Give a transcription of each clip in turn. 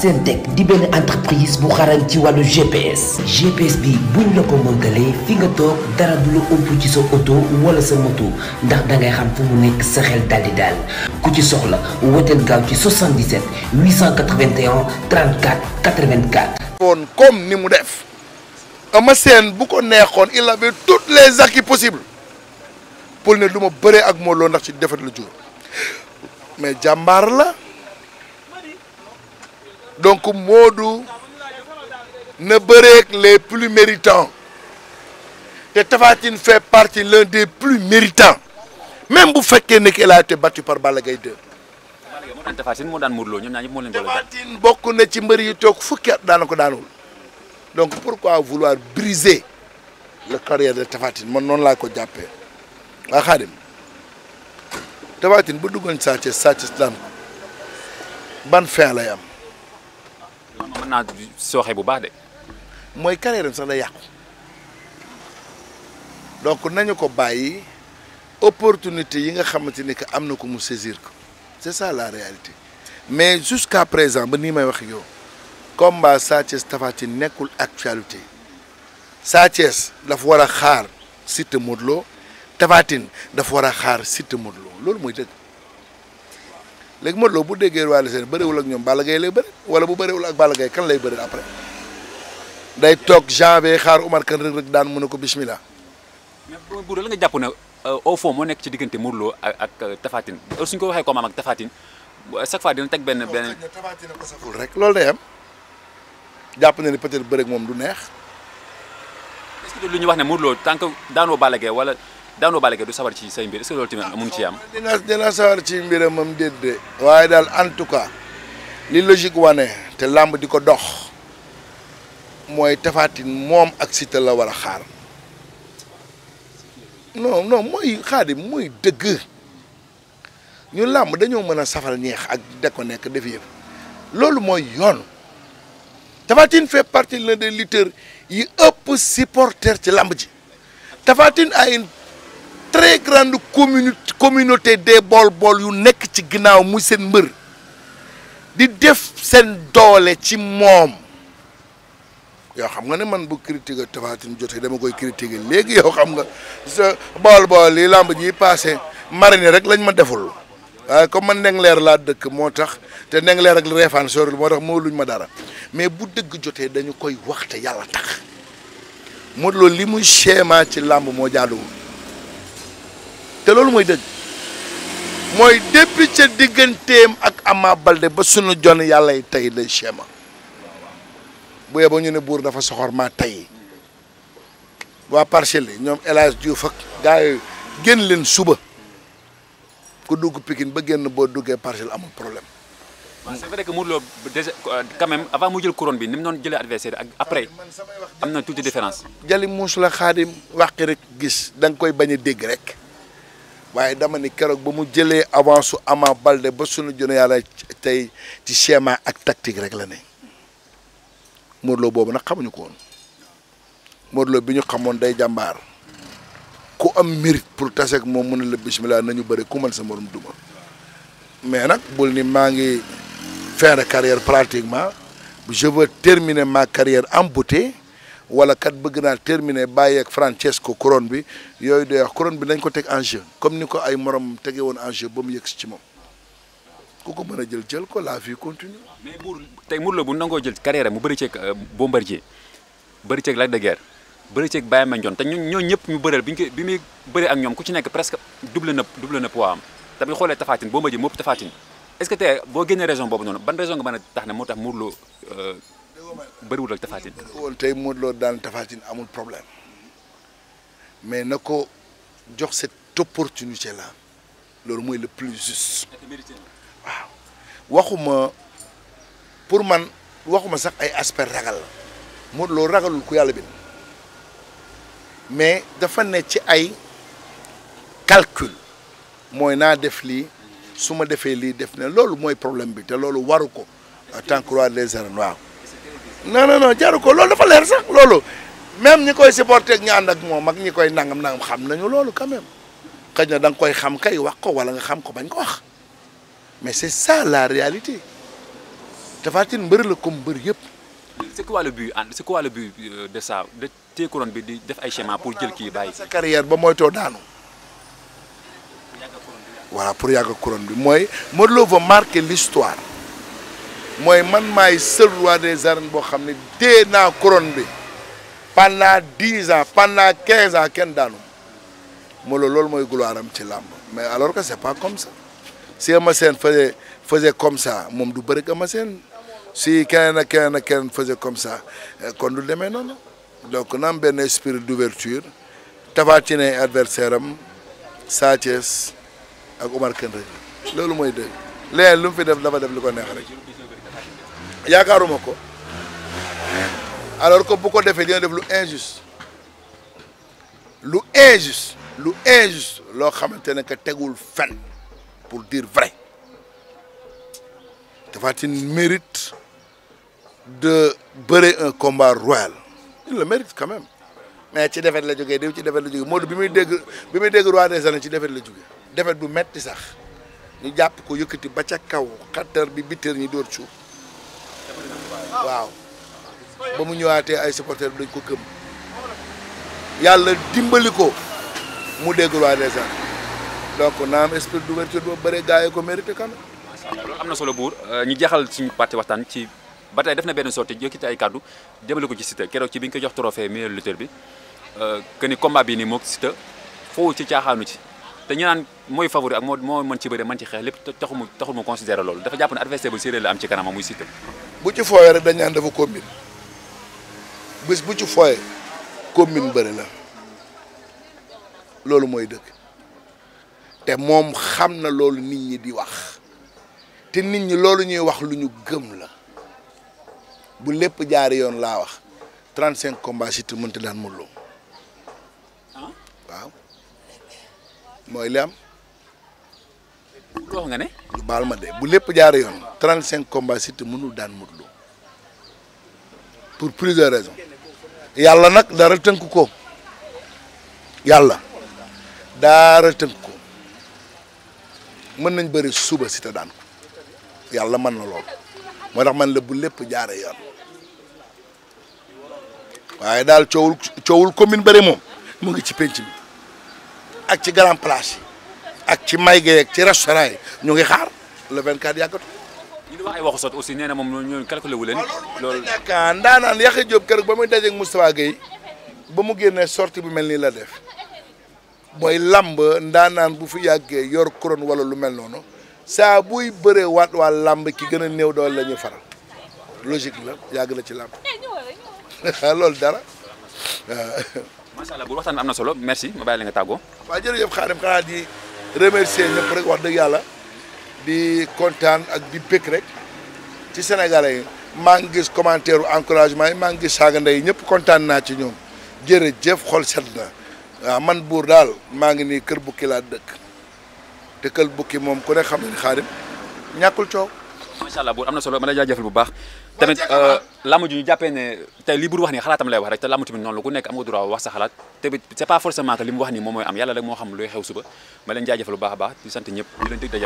Syntec di benn entreprise bu xarañ ci wàllu GPS GPS bi buñ la ko montalee fi nga toog dara du la ëpp ci sa oto wala sa moto ndax dangay xam fu mu nekk sa xel daldi daal ku ci soxla wooteel gaaw ci 77 881 34 84. woon comme ni mu def ama seen bu ko neexoon il avait toutes les acquis possibles pour ne lu ma bëree ak mooloo ndax ci defet la jur mais jàmbaar la. donc Modou na bëreek les plus méritants te Tapha Tine fait partie l'un des plus méritants même bu fekkee ne qu'il a été battu par Balla Gaye 2. Tapha Tine moo daan Modou Lo ñoom ñaar ñëpp moo leen Tapha Tine na ci mbër yi toog fukki at daana ko daanul donc pourquoi vouloir briser la carrière de Tapha Tine man noonu laa ko jàppee ba Xaadim Tapha Tine bu duggoon Sa Thiès daan ban fin lay am. mën naa sooxe bu baax mooy carrière am sax yàqu donc nañu ko bàyyi opportunité yi nga xamante ni que am na ko mu saisir ko c'est ça la réalité mais jusqu'à présent ba nii may wax yow comme Sa Thiès Tapha nekkul actualité Sa Thiès dafa war a xaar Siteu Modou Lo Tapha Tine dafa war a xaar Siteu Modou loolu mooy dëgg. léegi Modou bu déggee roi des arènes bëriwul ak ñoom Balla Gaye lay bëri wala bu bëriwul ak Balla kan lay bëri après day toog janvier xaar Umar kan rek rek daan mën a ko bismillah. mais Bouré la nga jàpp ne euh, au fond moo nekk ci diggante Modou Lo ak euh, tafaatin Tine suñ ko waxee ko maam ak Tapha Tine chaque fois dina teg benn benn. Tapha Tine ko saful rek loolu day am jàpp na ni peut-être moom du neex. lu ñu wax ne Modou Lo tant que daanoo Balla Gaye daanoo Balla Gaye du sawar ci say mbir est ce que loolu tamit ah, mun ci am. dina dina sawar ci mbiram moom déet de waaye daal en tout cas li logique wane te làmb di ko dox mooy Tapha Tine moom ak Siteu la war a xaar non non mooy xaadim mooy dëgg ñu làmb dañoo mën a safal ñeex ak da ko nekk def yëpp loolu mooy yoon Tapha Tine fait partie l'un des yi ëpp supporter ci làmb ji Tapha Tine très grande commune communauté de bool-bool yu nekk ci ginnaaw muy seen mbër di def seen doole ci moom yoo xam nga ne man bu critiquer Tapha Tine jotee dama koy critiquer léegi yow xam nga sa bool-bool yi làmb ji passé marine rek lañ ma deful waaye comme man Ndingler laa dëkk moo tax te Ndingler ak Réfane sorul moo tax moo luñ ma dara mais bu dëgg jotee dañu koy waxte yàlla tax Modou Lo li muy schéma ci làmb moo jaaduwul. te loolu mooy dëgg mooy depuis ca digganteem ak Ama Balde ba sunu jon yàlla yi tey de schéma bu yeboo ñu ne buur dafa soxor ma tey waa parcelle ñoom El Hadj Diouf ak gars yooyu génn leen suba ku dugg Pikine ba génn boo duggee parcelle amul problème. waaw c'est vrai que Modou Lo mu jël couronne bi ni mu jëlee ak après am na tuuti différence. Jali muus la xaadim wàqi rek gis danga koy bañ a dégg rek. waaye dama ni keroog ba mu jëlee avance su amaa Balde ba sunu jëne yàlla tey ci schéma ak tactique rek la ne Modou boobu nag xamuñu ko woon Modou bi ñu xamoon day jàmbaar ku am mérite pour taseeg moom mu ne la bismillah ñu bëri ku mën sa morom duma mais nag bul ni maa ngi fin de carrière pratiquement je veux terminer ma carrière en beauté wala kat bëgg naa terminer bàyyeeg Francesco couronne bi yooyu day wax couronne bi nañ ko teg en comme ni ko ay morom tege woon en jeu ba mu yëgsi ci moom ku ko mën a jël jël ko la vie continue. mais Mour tey Mour la bu nangoo jël carrière mu bëri ceeg euh, Bombardier bëri ceeg Lac de Guiers bëri ceeg Baye Mandione te ñun ñoo ñëpp ñu bëreel bi ñu bi muy bëri ak ñoom ku ci nekk presque double na double na poids am te xoolee Tapha Tine Bombardier moo ëpp Tapha est-ce que tey boo génnee raison boobu noonu ban raison nga mën a tax ne moo tax Mour la bëriwul ak Tapha Tine. woon tey Modou Lo daan Tapha Tine amul problème mais na ko jox cette opportunité la loolu mooy le plus juste. waaw waxuma pour man waxuma sax ay aspect ragal la Modou Lo ragalul ku yàlla bind mais dafa ne ci ay calcul mooy naa def lii su ma defee lii def na loolu mooy problème bi te loolu waru ko en tant que roi des arènes waaw. non non non jaru ko loolu dafa leer sax loolu même ñi koy supporté ak ñu ànd ak moom ak ñi koy nangam nangam xam nañu loolu quand même na danga koy xam kay wax ko wala nga xam ko bañ ko wax mais c'est ça la réalité Tapha Tine mbëri la comme mbër yëpp. c'est quoi le but c'est quoi le but euh, de ça de téye bi di def ay schéma pour jël kii bàyyi. sa carrière ba moytoo daanu. voilà pour yàgg couronne bi mooy Modou Lo va marquer l'histoire mooy man maay seul roi des arènes boo xam ne dee naa couronne bi pan pendant dix ans pendant quinze ans kenn daanu ma loolu mooy gloire am ci làmb mais alors que c'est pas comme ça si Eumeu Sène faisait faisait comme ça moom du bëri Eumeu Sène si keneen ak keneen ak keneen faisait comme ça eh, kon du demee noonu donc na am benn esprit d'ouverture Tapha Tine ay am Sa Thiès ak Omar Kane rek loolu mooy dëgg leneen lu mu fi def dafa def li ko neex rek yaakaaruma ko alors que bu ko defee dina def lu injuste lu injuste lu injuste loo xamante ne que tegul fen pour dire vrai Tapha Tine mérite de bëre un combat royal il le mérite quand même mais ci defet la jógee diw ci defet la jógee Modou bi muy dégg bi muy dégg des arènes ci defet la jógee defet bu metti sax ñu jàpp ko yëkkati ba ca kaw xattar bi bitter ñi door suuf waaw ba mu ñëwaatee ay supporters dañ ko gëm yàlla dimbali ko mu dégg waa des arènes donc na am esprit d'ouverture ba bëre gars ko mérité kan loolu am na solo buur euh, ñu jeexal suñu parti waxtaan ci ba tey def na benn sortie jokkite ay kàddu jëmale ko ci Siteu keroog ci bi ñu ko jox trophée meilleur lutteur bi euh, que ni combat bi nii moog Siteu foofu ci caaxaanu ci te ñu naan mooy favori ak moo moo mën ci bëre mën ci xeex lépp taxu mu taxul mu considéré loolu dafa jàpp ne am ci kanamam muy Siteu bu ci fooyee rek dañ naan dafa combine bis bu ci fooyee combine bëri la loolu mooy dëkk te moom xam na loolu nit ñi di wax te nit ñi loolu ñuy wax lu ñu gëm la bu lépp jaari yoon laa wax trent cinq combats si te mënti daan mënuloo ah. waaw mooy li wax nga ne. lu baal ma de bu lépp jaar yoon. 35 combats Siteu mënul daan Modou Lo plus plusieurs raisons yàlla nag dara tënk ko yàlla dara tënk ko mën nañ bëri suba Siteu daan ko yàlla mën na lool moo tax man la bu lépp jaare yoon waaye daal coowul coowul commune bëri moom mu ngi ci penc mi ak ci grand place ak ci may geeg ci restaurant ñu ngi xaar le 24 yàggatu. ñu ngi wax ay waxu sot aussi nee na moom ñooñu calculé wu leen. loolu nekk ah, ndaanaan Yaxe Diop keroog ba muy dajeeg Moustapha Gueye ba mu génnee sorti bu mel nii la def booy lamb ndaanaan bu fi yàggee yor couronne wala lu mel noonu saa buy bëree waat waa lamb ki gën a néew doole la ñuy faral logique la yàgg na ci lamb eh, ah, loolu dara waaw. macha allah bu waxtaan am na solo merci ma bàyyi la nga tàggoo. waaw jërëjëf xaaral xanaa di. remercier ñëpp rek wax dëgg yàlla di kontaan ak di bëgg rek ci sénégalais yi maa ngi gis commentaire encouragement yi maa ngi gis saaga ndey ñëpp kontaan naa ci ñoom jërëjëf xol set na waaw man buur daal maa ngi nii kër bukki laa dëkk te kër bukki moom ku ne xam ne xaarim ñàkkul coow. macha allah buur am na solo ma lay jaajëfal bu baax tamit euh, làmb ñu jàppee ne tey li buur wax nii xalaatam lay wax rek te làmb tamit noonu la ku nekk am nga droit wax sa xalaat te c'est pas forcément que li mu wax nii moom mooy am yàlla rek moo xam luy xew suba ma leen jaajëfal bu baax a baax di sant ñëpp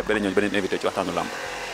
beneen invité ci waxtaanu làmb